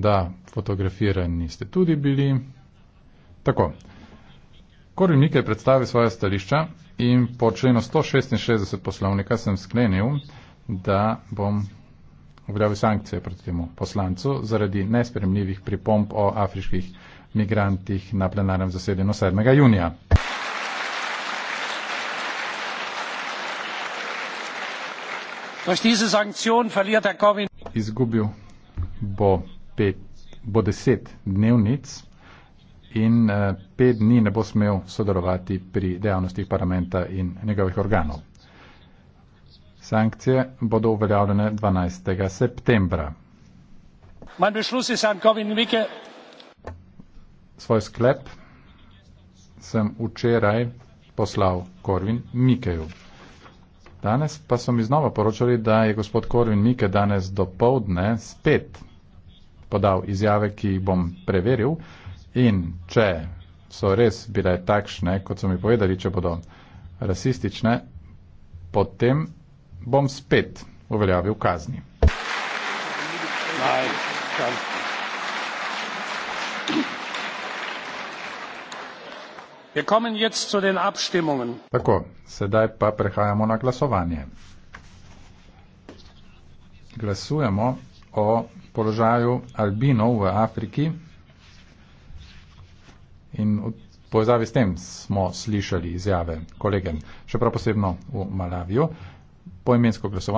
da fotografirani ste tudi bili. Tako, Korim nekaj predstavi svoje stališča in po členu 166 poslovnika sem sklenil, da bom uveljavil sankcije proti temu poslancu zaradi nespremljivih pripomp o afriških migrantih na plenarnem zasedenju 7. junija. Izgubil bo pet, bo deset dnevnic in uh, pet dni ne bo smel sodelovati pri dejavnostih parlamenta in njegovih organov. Sankcije bodo uveljavljene 12. septembra. Svoj sklep sem včeraj poslal Korvin Mikeju. Danes pa so mi znova poročali, da je gospod Korvin Mike danes do povdne spet podal izjave, ki jih bom preveril in če so res bile takšne, kot so mi povedali, če bodo rasistične, potem bom spet uveljavil kazni. Tako, sedaj pa prehajamo na glasovanje. Glasujemo o položaju albinov v Afriki. In v povezavi s tem smo slišali izjave kolegem, še prav posebno v Malaviju, poimensko glasovanje.